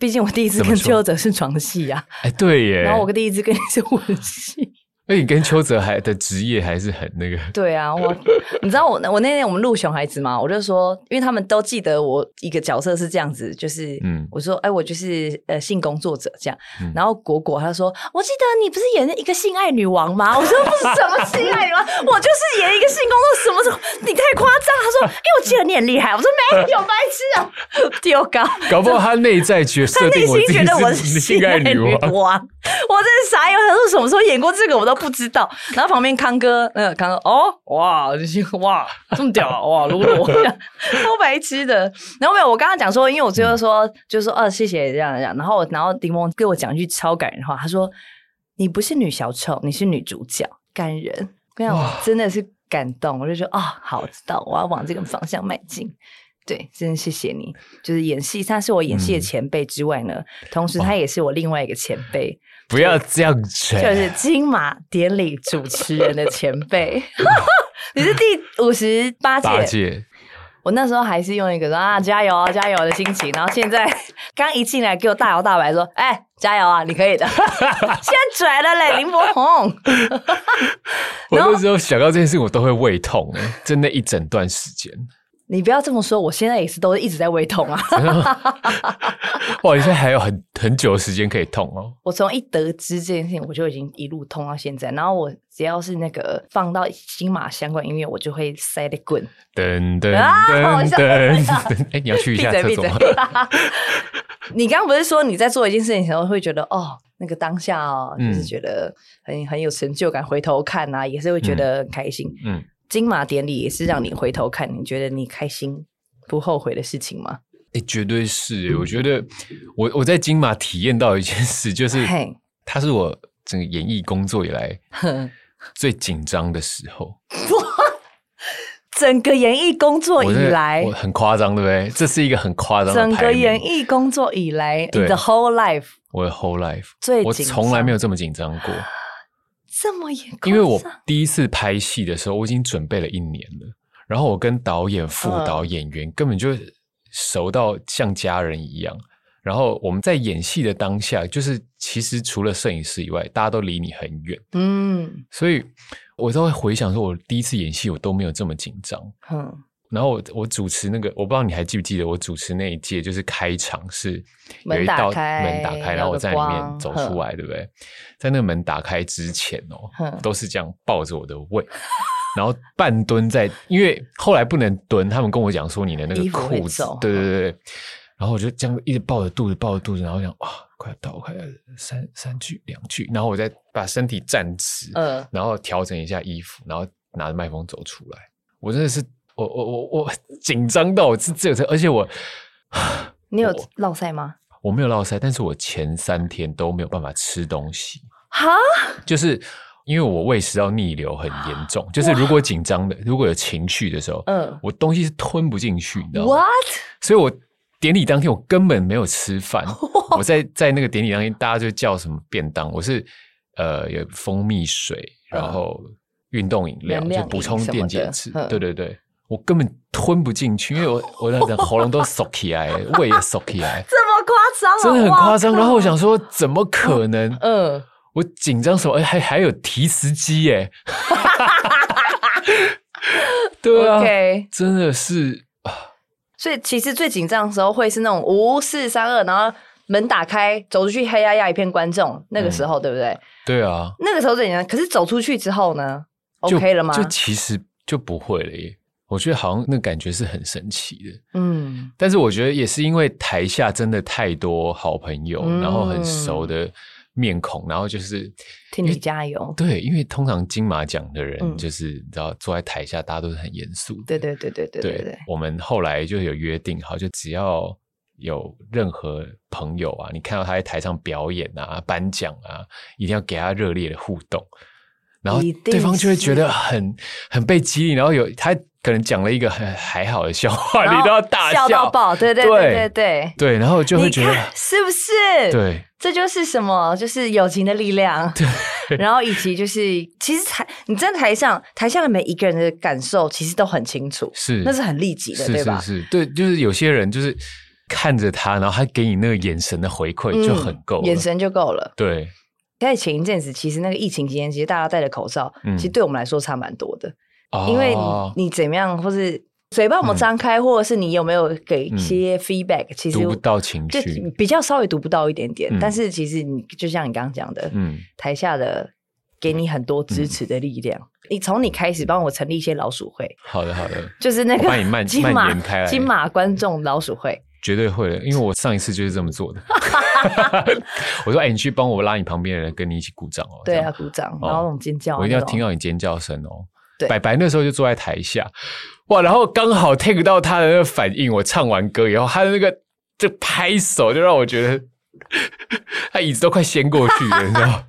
畢竟我第一次跟最後者是床戲呀，哎、欸、對耶，然後我第一次跟你是吻戲。 那、欸、你跟邱澤還的職業還是很那個？對啊，我你知道我我那天我們錄《熊孩子》嘛？我就說，因為他們都記得我一個角色是這樣子，就是，我說，哎、欸，我就是呃性工作者這樣。然後果果他說，我記得你不是演一個性愛女王嗎？我說不是什麼性愛女王， 我就是演一個性工作，什麼什麼，你太誇張？他說，哎、欸，我記得你很厲害。我說沒有白痴啊，丟 搞搞不好他？他內在角色，他內心覺得我是性愛女王， 我這是啥呀。他說什麼時候演過這個？我都。 不知道，然後旁邊康哥，嗯、那個，康哥，哦，哇，哇， 這麼屌啊，哇，露露， 超白痴的。然後沒有，我剛剛講說，因為我最後說，就是說，哦、啊，謝謝這樣講。然後，然後，丁夢給我講一句超感人的話，他說：“你不是女小丑，你是女主角。”感人，沒有，真的是感動。我就說，啊，好，我知道，我要往這個方向邁進。對，真的謝謝你，就是演戲，他是我演戲的前輩之外呢、嗯，同時他也是我另外一個前輩。不要這樣拽！ 就是金馬典禮主持人的前輩， 你是第五十八屆。我那時候還是用一個說啊加油啊加油、啊、的心情，然後現在剛一進來給我大搖大擺說：“哎、欸，加油啊，你可以的！” 現在拽了嘞，林柏宏。 我那時候想到這件事，我都會胃痛，真 的一整段時間。你不要這麼說，我現在也是都一直在胃痛啊！ 哇，你現在還有很很久的時間可以痛哦！我從一得知這件事情，我就已經一路痛到現在。然後我只要是那個放到金馬相關音樂，我就會塞得滾，等等等等。哎、欸，你要去一下廁所？閉著閉著 你剛剛不是說你在做一件事情時候會覺得哦，那個當下哦，嗯、就是覺得很很有成就感，回頭看吶、啊，也是會覺得很開心。嗯。嗯金馬典禮也是讓你回頭看，嗯、你覺得你開心不後悔的事情嗎？哎、欸，絕對是！我覺得我我在金馬體驗到一件事，就是嘿它，是我整個演藝工作以來最緊張的時候。 整個演藝工作以來，我我很誇張，對不對？這是一個很誇張。整個演藝工作以來，the whole life，我的 whole life，最我從來沒有這麼緊張過。這麼嚴格？因為我第一次拍戲的時候，我已經準備了一年了。然後我跟導演、副導、演員根本就熟到像家人一樣。嗯。然後我們在演戲的當下，就是其實除了攝影師以外，大家都離你很遠。嗯，所以我都會回想說，我第一次演戲，我都沒有這麼緊張。嗯。然後我我主持那個，我不知道你還記不記得我主持那一屆，就是開場是有一道門打開，門打開，然後我在裡面走出來，對不對？在那個門打開之前哦，都是這樣抱着我的胃，然後半蹲在，因為後來不能蹲，他們跟我講說你的那個褲子，對對對，對、嗯。然後我就這樣一直抱着肚子，抱着肚子，然後我想哇、啊，快要到，快要三三句兩句，然後我再把身體站直、呃，然後調整一下衣服，然後拿着麥克風走出來，我真的是。我我我我緊張到我這這而且我，你有烙賽嗎我？我沒有烙賽，但是我前三天都沒有辦法吃東西。哈，就是因為我胃食道逆流很嚴重，就是如果緊張的，如果有情緒的時候，嗯、呃，我東西是吞不進去的。What？所以，我典禮當天我根本沒有吃飯。我在在那個典禮當天，大家就叫什麼便當，我是呃有蜂蜜水，呃、然後運動飲料就補充電解質。對對對。我根本吞不進去，因為我我那陣喉嚨都縮起來， 胃也縮起來，這麼誇張，真的很誇張。然後我想說，怎麼可能？嗯、呃，我緊張什麼？哎、欸，還還有提詞機耶！ 對啊，okay. 真的是。 所以其實最緊張的時候會是那種五四三二，呃、432, 然後門打開，走出去，黑壓壓一片觀眾，那個時候、嗯、對不對？對啊。那個時候最緊張，可是走出去之後呢就？OK 了嗎？就其實就不會了耶。我覺得好像那感覺是很神奇的，嗯，但是我覺得也是因為台下真的太多好朋友，嗯、然後很熟的面孔，然後就是替你加油。對，因為通常金馬獎的人就是、嗯、你知道坐在台下，大家都是很嚴肅。對對對對對對對。我們後來就有約定，好，就只要有任何朋友啊，你看到他在台上表演啊、頒獎啊，一定要給他熱烈的互動。然後對方就會覺得很很被激勵，然後有他可能講了一個很還好的笑話，你都要大笑，笑到爆，對對對對對對，然後就會覺得是不是？對，這就是什麼？就是友情的力量。對，然後以及就是其實台你站在台上，台下的每一個人的感受其實都很清楚， 是那是很立即的是，對吧？是，是，是對，就是有些人就是看着他，然後他給你那個眼神的回饋、嗯、就很夠了，眼神就夠了，對。在前一陣子，其實那個疫情期間，其實大家戴的口罩、嗯，其實對我們來說差蠻多的、哦。因為你怎麼樣，或是嘴巴有沒有張開、嗯，或者是你有沒有給一些 feedback、嗯、其實讀不到情緒，就比較稍微讀不到一點點。嗯、但是其實你就像你剛剛講的、嗯，台下的給你很多支持的力量。你、嗯、從、嗯、你開始幫我成立一些老鼠會，好的好的，就是那個金馬金馬觀眾老鼠會。絕對會的，因為我上一次就是這麼做的。 我說：“哎、欸，你去幫我拉你旁邊的人，跟你一起鼓掌哦。”對啊，鼓掌，哦、然後那種尖叫、啊，我一定要聽到你尖叫聲哦。對，柏宏那時候就坐在台下，哇，然後剛好 take 到他的那個反應。我唱完歌以後，他的那個就拍手就讓我覺得 他椅子都快掀過去了， 你知道？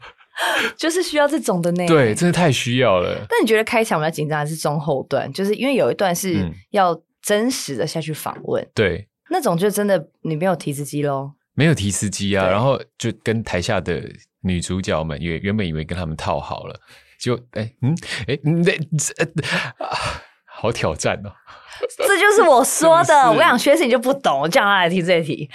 就是需要這種的呢，對，真的太需要了。那你覺得開場比較緊張還是中後段？就是因為有一段是要真實的下去訪問，嗯、對。那種就真的你沒有提示機咯。沒有提示機啊，然後就跟台下的女主角們原原本以為跟他們套好了，就哎嗯哎那這啊，好挑戰哦，這就是我說的，我想學習你就不懂，我叫他來提這一題，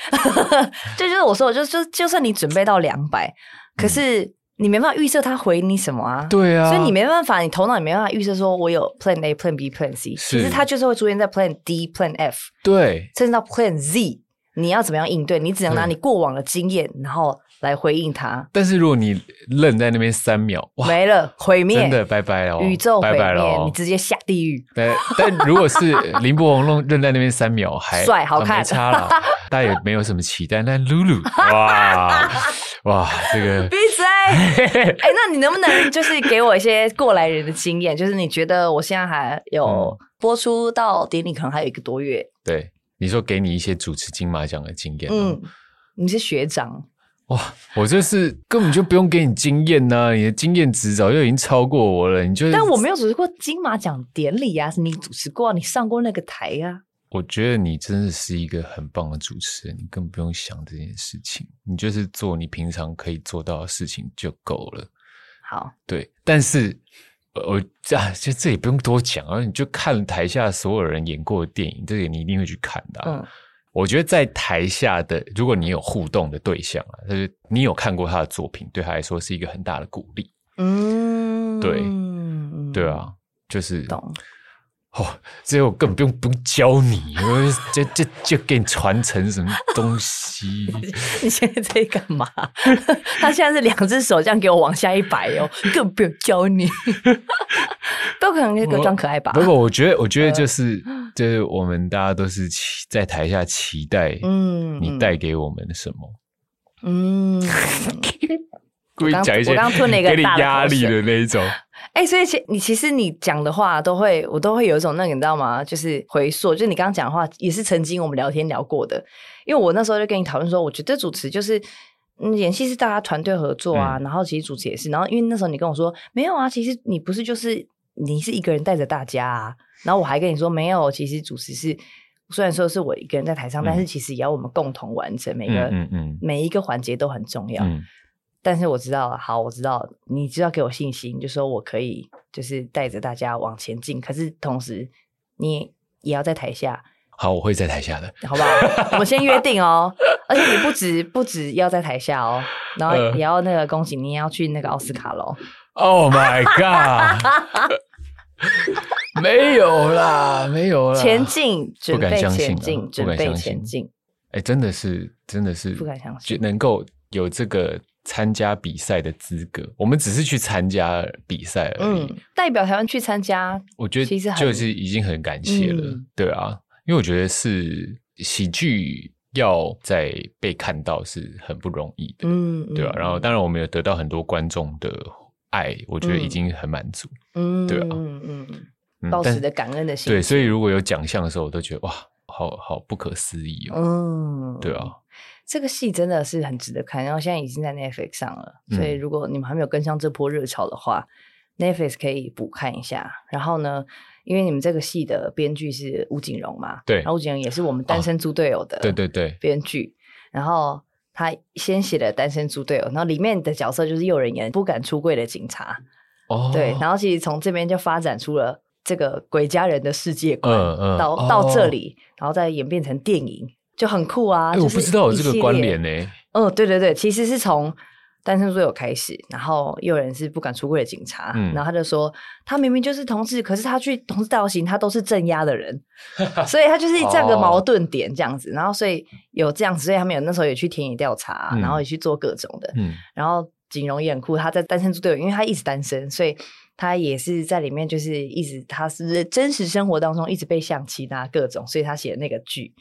這 就，就是我說的，就是，就就是，算你準備到兩百，嗯，可是。你沒辦法預測他回你什麼啊？對啊，所以你沒辦法，你頭腦也沒辦法預測說我有 plan A、plan B、plan C，是。可是他就是會出現在 plan D、plan F，對，甚至到 plan Z，你要怎麼樣應對？你只能拿你過往的經驗，然後。來回應他，但是如果你愣在那邊三秒，哇，沒了，毀滅，真的拜拜哦。宇宙毀滅拜拜，你直接下地獄。但，但如果是林柏宏愣愣 在那邊三秒，還帥好看、啊，沒差了，大 家也沒有什麼期待。但露露，哇 哇，這個閉嘴！哎、 欸，那你能不能就是給我一些過來人的經驗？就是你覺得我現在還有播出到典禮，可能還有一個多月、嗯。對，你說給你一些主持金馬獎的經驗、哦。嗯，你是學長。哇！我這是根本就不用給你經驗吶、啊， 你的經驗值早就已經超過我了。你就是……但我沒有主持過金馬獎典禮呀、啊，是你主持過、啊，你上過那個台呀、啊。我覺得你真的是一個很棒的主持人，你更不用想這件事情，你就是做你平常可以做到的事情就夠了。好，對，但是我、啊、就這這這也不用多講、啊，而你就看台下所有人演過的電影，這個你一定會去看的、啊。嗯。我覺得在台下的，如果你有互動的對象啊，就是你有看過他的作品，對他來說是一個很大的鼓勵。嗯，對，嗯，對啊，就是。哦，所以我根本不用不教你，我 就就，就給你傳承什麼東西？你現在在幹嘛？ 他現在是兩只手這樣給我往下一擺哦，根本不用教你，都 可能在裝可愛吧？不，我覺得，我覺得就是、呃、就是我們大家都是期在台下期待，嗯，你帶給我們什麼？嗯，嗯，故意講一些，我剛吞了個給你壓力的那一種。誒、欸、所以其你其實你講的話都會，我都會有一種那個你知道嗎？就是回溯，就你剛剛講的話也是曾經我們聊天聊過的。因為我那時候就跟你討論說，我覺得主持就是、嗯、演戲是大家團隊合作啊、嗯，然後其實主持也是。然後因為那時候你跟我說沒有啊，其實你不是就是你是一個人帶着大家啊。然後我還跟你說沒有，其實主持是雖然說是我一個人在台上、嗯，但是其實也要我們共同完成每個、嗯嗯、每一個環節都很重要。嗯但是我知道了，好，我知道，你只要給我信心，就說我可以，就是帶着大家往前進。可是同時，你也要在台下。好，我會在台下的，好不好？ 我們先約定哦。 而且你不止不止要在台下哦、喔，然後也要那個恭喜你也要去那個奧斯卡嘍。Oh my god！ 沒有啦，沒有啦。前進，準備前進、啊，準備前進。哎、欸，真的是，真的是，不敢相信，能夠有這個。參加比賽的資格，我們只是去參加比賽而已、嗯。代表台灣去參加，我覺得其實就是已經很感謝了、嗯。對啊，因為我覺得是喜劇要在被看到是很不容易的。嗯，嗯，對啊，然後當然我們有得到很多觀眾的愛、嗯，我覺得已經很滿足。嗯，對啊，嗯嗯嗯，嗯，抱持的感恩的心。對，所以如果有獎項的時候，我都覺得哇，好好，好不可思議哦、喔。嗯，對啊。這個戲真的是很值得看，然後現在已經在 Netflix 上了，所以如果你們還沒有跟上這波熱潮的話、嗯、，Netflix 可以補看一下。然後呢，因為你們這個戲的編劇是吳景榮嘛，對，然後吳景榮也是我們《單身豬隊友》的、哦，對對對，編劇。然後他先寫了《單身豬隊友》，然後裡面的角色就是誘人言不敢出櫃的警察，哦，對，然後其實從這邊就發展出了這個鬼家人的世界觀，嗯嗯、到、哦、到這裡，然後再演變成電影。就很酷啊、欸就是！我不知道有這個關聯呢、欸。哦，對對對，其實是從單身隊友開始，然後又有人是不敢出櫃的警察、嗯，然後他就說他明明就是同志，可是他去同志道行，他都是鎮壓的人， 所以他就是這樣一個矛盾點這樣子、哦，然後所以有這樣子，所以他們有那時候也去田野調查、啊嗯，然後也去做各種的、嗯。然後景榮也很酷，他在單身隊友，因為他一直單身，所以他也是在裡面就是一直他是，不是真實生活當中一直被想其他各種，所以他寫的那個劇。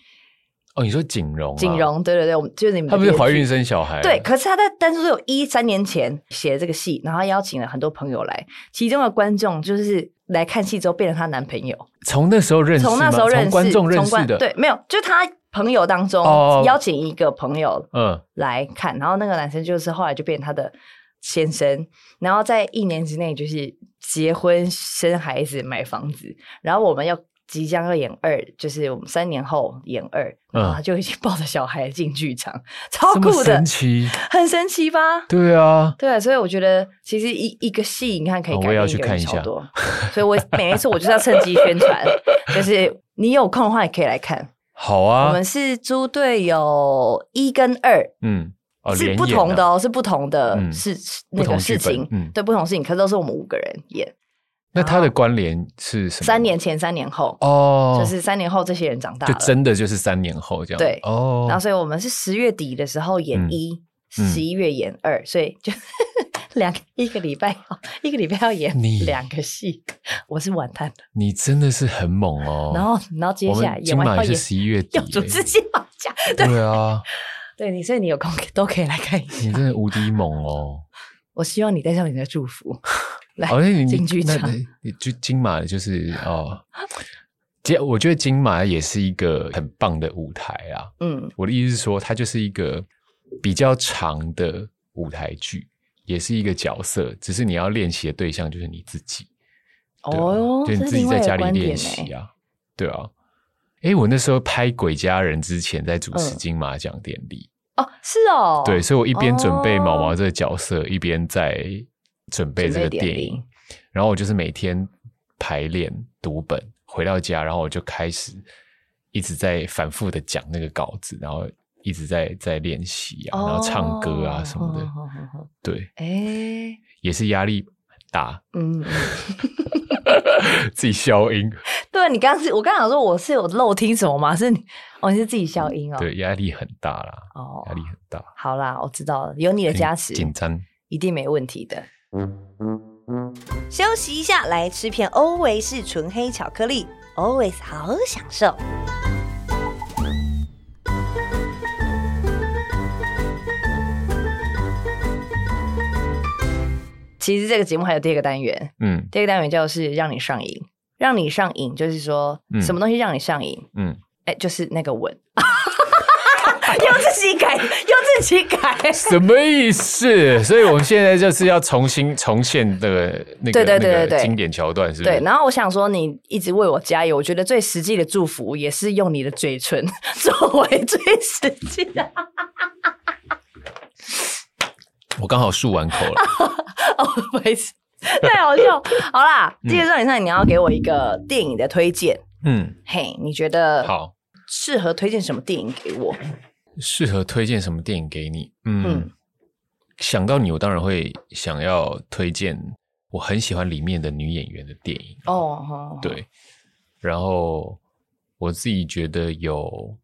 哦，你說景榮、啊？景榮，對對對，我們就是你們。她不是懷孕生小孩？對，可是她在當初有一三年前寫的這個戲，然後邀請了很多朋友來，其中的觀眾就是來看戲之後，變成她男朋友。從那時候認識，從那時候認識，從觀眾認識的從，對，沒有，就他朋友當中邀請一個朋友、哦，嗯，來看，然後那個男生就是後來就變成他的先生，然後在一年之內就是結婚、生孩子、買房子，然後我們要。即將要演二，就是我們三年後演二、嗯，然後就已經抱着小孩進劇場，超酷的，這麼神奇，很神奇吧？對啊，對啊，所以我覺得其實一一個戲你看可以改變一個人好、啊、多， 所以我每一次我就要趁機宣傳， 就是你有空的話也可以來看。好啊，我們是《豬隊友》一跟二，嗯、哦啊，是不同的哦，是不同的，是、嗯，那個事情、嗯，對，不同事情，可是都是我們五個人演。Yeah 那他的關聯是什麼？啊、三年前，三年後哦，就是三年後這些人長大就真的就是三年後這樣。對哦，然後所以我們是十月底的時候演一，嗯嗯、十一月演二，所以就兩 個一個禮拜，一個禮拜要演兩個戲，我是完蛋了。你真的是很猛哦。然後，然後接下來演完後演，今晚是十一月底、欸，要做自己放假。對啊，對你，所以你有空都可以來看一下。你真的無敵猛哦！我希望你帶上你的祝福。好像，哦，你，你那就金馬就是哦，我覺得金馬也是一個很棒的舞台啊。嗯，我的意思是說，它就是一個比較長的舞台劇，也是一個角色，只是你要練習的對象就是你自己。對哦，就你自己在家裡練習啊？哎，對啊。哎，我那時候拍《鬼家人》之前，在主持金馬獎典禮，嗯。哦，是哦。對，所以我一邊準備毛毛這個角色，哦，一邊在準備這個電影，然後我就是每天排練讀本，回到家，然後我就開始一直在反覆的講那個稿子，然後一直在在練習、啊哦、然後唱歌啊什麼的。哦哦哦哦、對，哎、欸，也是壓力很大，嗯， 自己消音。 對，你剛剛是，我剛想說我是有漏聽什麼嗎？是你，你、哦、是自己消音哦、嗯。對，壓力很大啦，哦，壓力很大。好啦，我知道了，有你的加持，緊、欸、張一定沒問題的。休息一下，來吃片歐維士純黑巧克力，Always 好享受。其實這個節目還有第二個單元，嗯，第二個單元叫是讓你上癮，讓你上癮就是說，嗯，什麼東西讓你上癮？嗯，哎，就是那個吻。 用自己改，用自己改，什麼意思？ 所以，我們現在就是要重新重現那個那個那個經典橋段是不是？是是對。然後，我想說，你一直為我加油，我覺得最實際的祝福也是用你的嘴唇 作為最實際的。 我剛好漱完口了，哦、 oh,，不好意思，太好笑了,笑好啦，嗯、接着來你上，你要給我一個電影的推薦。嗯，嘿、hey,，你覺得好適合推薦什麼電影給我？適合推薦什麼電影給你嗯？嗯，想到你，我當然會想要推薦我很喜歡裡面的女演員的電影哦。對，然後我自己覺得有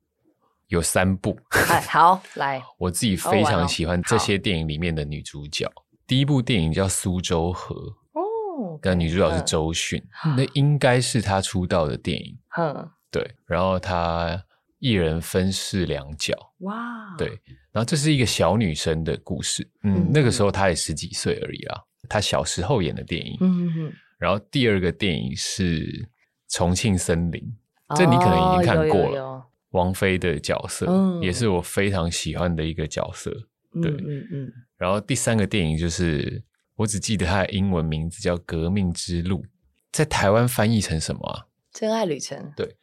有三部。哎、好來， 我自己非常喜歡這些電影裡面的女主角。哦哦、第一部電影叫《蘇州河》嗯，哦，那女主角是周迅、嗯，那應該是她出道的電影。嗯，對，然後她。一人分飾兩角，哇、wow！對，然後這是一個小女生的故事，嗯，嗯那個時候她也十幾歲而已啊、嗯，她小時候演的電影，嗯嗯嗯。然後第二個電影是《重慶森林》哦，這你可能已經看過了，有有有有王菲的角色、嗯、也是我非常喜歡的一個角色，嗯、對，嗯嗯。然後第三個電影就是我只記得它的英文名字叫《革命之路》，在台灣翻譯成什麼啊？《真愛旅程》對。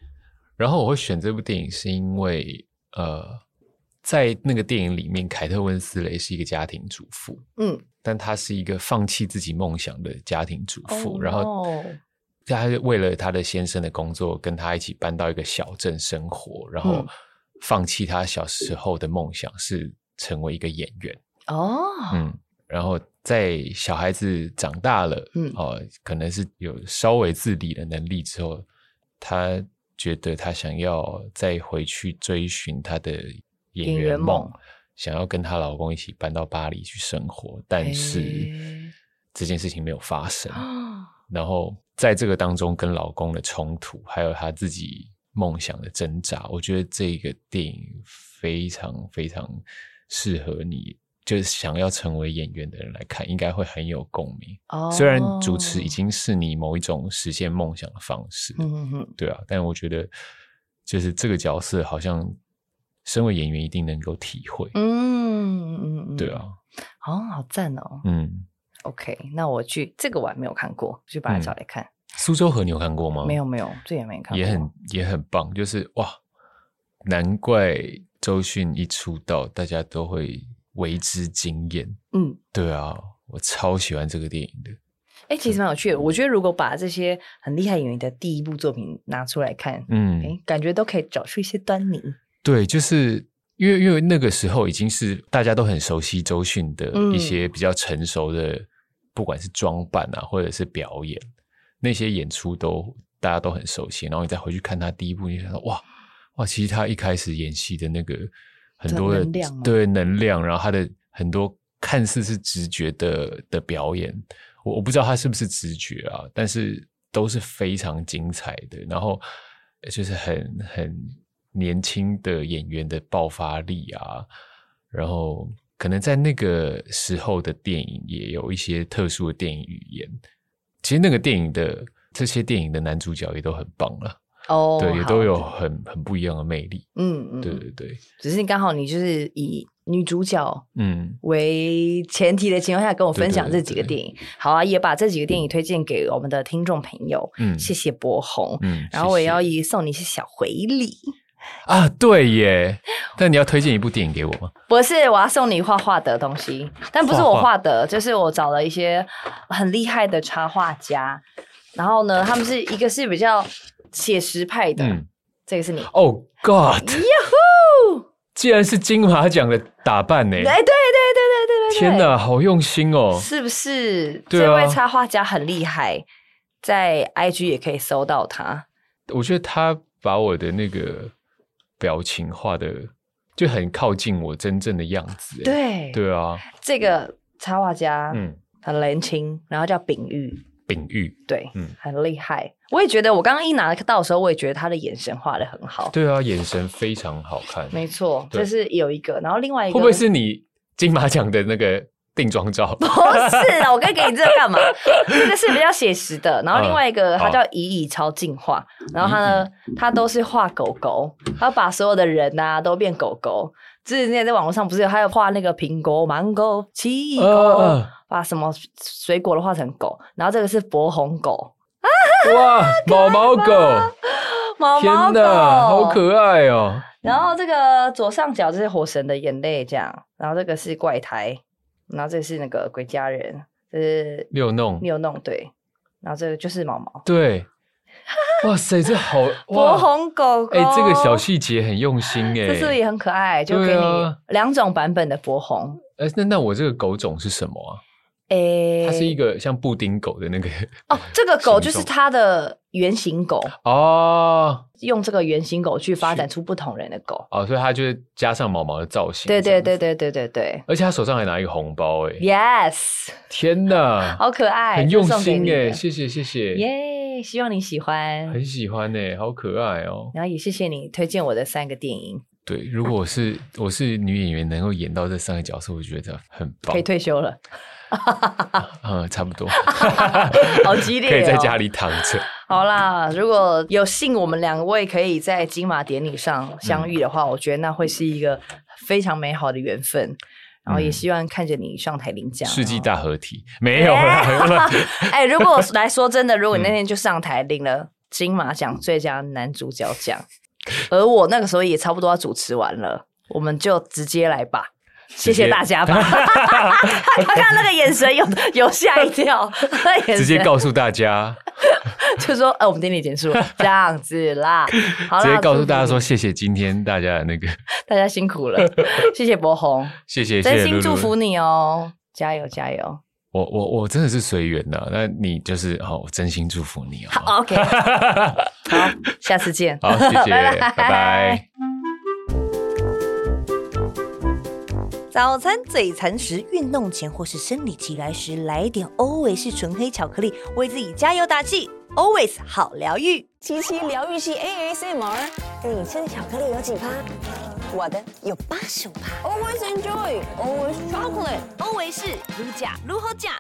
然後我會選這部電影，是因為，呃，在那個電影裡面，凱特溫絲蕾是一個家庭主婦，嗯，但她是一個放棄自己夢想的家庭主婦，oh no. 然後她為了她的先生的工作，跟她一起搬到一個小鎮生活，然後放棄她小時候的夢想是成為一個演員，哦、oh.，嗯，然後在小孩子長大了，嗯，哦，可能是有稍微自理的能力之後，她。覺得她想要再回去追尋她的演員夢，想要跟她老公一起搬到巴黎去生活，但是這件事情沒有發生。欸、然後在這個當中，跟老公的衝突，還有她自己夢想的掙扎，我覺得這個電影非常非常適合你。就是想要成為演員的人來看，應該會很有共鳴。Oh. 雖然主持已經是你某一種實現夢想的方式，嗯、mm -hmm. 對啊。但我覺得，就是這個角色好像，身為演員一定能夠體會。嗯嗯，對啊。哦、oh，好讚哦。嗯，OK，那我去這個我還沒有看過，去把它找來看。嗯、蘇州河，你有看過嗎？沒有，沒有，最遠沒看過。也很也很棒，就是哇，難怪周迅一出道，大家都會。為之驚艷，嗯，對啊，我超喜歡這個電影的。哎、欸，其實蠻有趣的、嗯。我覺得如果把這些很厲害演員的第一部作品拿出來看，嗯，欸、感覺都可以找出一些端倪。對，就是因為因為那個時候已經是大家都很熟悉周迅的一些比較成熟的，嗯、不管是裝扮啊，或者是表演，那些演出都大家都很熟悉。然後你再回去看他第一部，你想到哇哇，其實他一開始演戲的那個很多的能量對，能量，然後他的很多看似是直覺的的表演，我我不知道他是不是直覺啊，但是都是非常精彩的，然後就是很很年輕的演員的爆發力啊，然後可能在那個時候的電影也有一些特殊的電影語言，其實那個電影的這些電影的男主角也都很棒啊。哦、oh，對，也都有很很不一樣的魅力，嗯嗯，對對對，只是剛好你就是以女主角嗯為前提的情況下跟我分享這幾個電影，嗯對對對對，好啊，也把這幾個電影推薦給我們的聽眾朋友，嗯，謝謝柏宏嗯，嗯，然後我也要以送你一些小回禮，嗯、謝謝啊，對耶， 但你要推薦一部電影給我嗎？不是，我要送你畫畫的東西，但不是我畫的，畫畫就是我找了一些很厲害的插畫家，然後呢，他們是一個是比較。寫實派的，嗯、這個是你哦、oh、，God，喲吼！既 然是金馬獎的打扮呢，哎，對對對對，對，對，對，天哪，好用心哦！是不是？對啊，這位插畫家很厲害，在 IG 也可以搜到他。我覺得他把我的那個表情畫的就很靠近我真正的樣子。對，對啊，這個插畫家，嗯，很年輕，嗯、然後叫丙玉。比玉。對，嗯，很厲害。我也覺得，我剛剛一拿到的時候，我也覺得他的眼神畫得很好。對啊，眼神非常好看。沒錯，就是有一個，然後另外一個會不會是你金馬獎的那個定妝照？ 不是、啊，我可以給你這個幹嘛？ 這個是比較寫實的。然後另外一個，嗯、他叫乙乙超進化，然後他呢，嗯嗯他都是畫狗狗，他把所有的人吶、啊、都變狗狗。之前在網絡上不是有，還有畫那個蘋果、芒果、奇異果、啊，把什麼水果都畫成狗，然後這個是柏宏狗，哇， 毛毛狗天哪，毛毛狗，好可愛哦、喔。然後這個左上角這是火神的眼淚，這樣，然後這個是怪胎，然後這個是那個鬼家人，這、就是六弄六弄，對，然後這個就是毛毛，對。哇塞，這好柏宏狗哎、欸，這個小細節很用心哎、欸，這是不是也很可愛？就給你兩種版本的柏宏，哎、啊欸，那那我這個狗種是什麼啊？它是一個像布丁狗的那個哦，這個狗就是它的原型狗哦，用這個原型狗去發展出不同人的狗哦，所以它就是加上毛毛的造型。對對對對對對對，而且它手上還拿一個紅包、欸，哎，yes，天哪，好可愛，很用心耶、欸，謝謝謝謝，耶、yeah，希望你喜歡，很喜歡哎、欸，好可愛哦、喔，然後也謝謝你推薦我的三個電影，對，如果我是我是女演員， 能夠演到這三個角色，我覺得很棒，可以退休了。哈、 嗯，差不多，好激烈，可以在家裡躺着、哦。好啦，如果有幸我們兩位可以在金馬典禮上相遇的話、嗯，我覺得那會是一個非常美好的緣分、嗯。然後也希望看着你上台領獎、啊，世紀大合體沒有啦？哎 、欸，如果來說真的，如果你那天就上台領了金馬獎最佳男主角獎， 而我那個時候也差不多要主持完了，我們就直接來吧。謝謝，謝謝大家吧，他 剛剛那個眼神有有嚇一跳眼神，直接告訴大家， 就說：哎、呃，我們典禮結束這樣子啦。直接告訴大家說，謝謝今天大家的那個，大家辛苦了，謝謝柏宏謝謝， 真心祝福你哦、喔，加油加油。我我我真的是隨緣的，那你就是好我真心祝福你哦、喔。好，OK，好， 下次見，好，謝謝，拜拜。Bye bye 早餐嘴饞時、運動前或是生理期來時，來點 Always 純黑巧克力，為自己加油打氣。Always 好療癒，七七療癒系 ASMR。你吃的巧克力有幾趴？我的有八十五趴。Always enjoy，Always chocolate。哦。Always 如假如何假？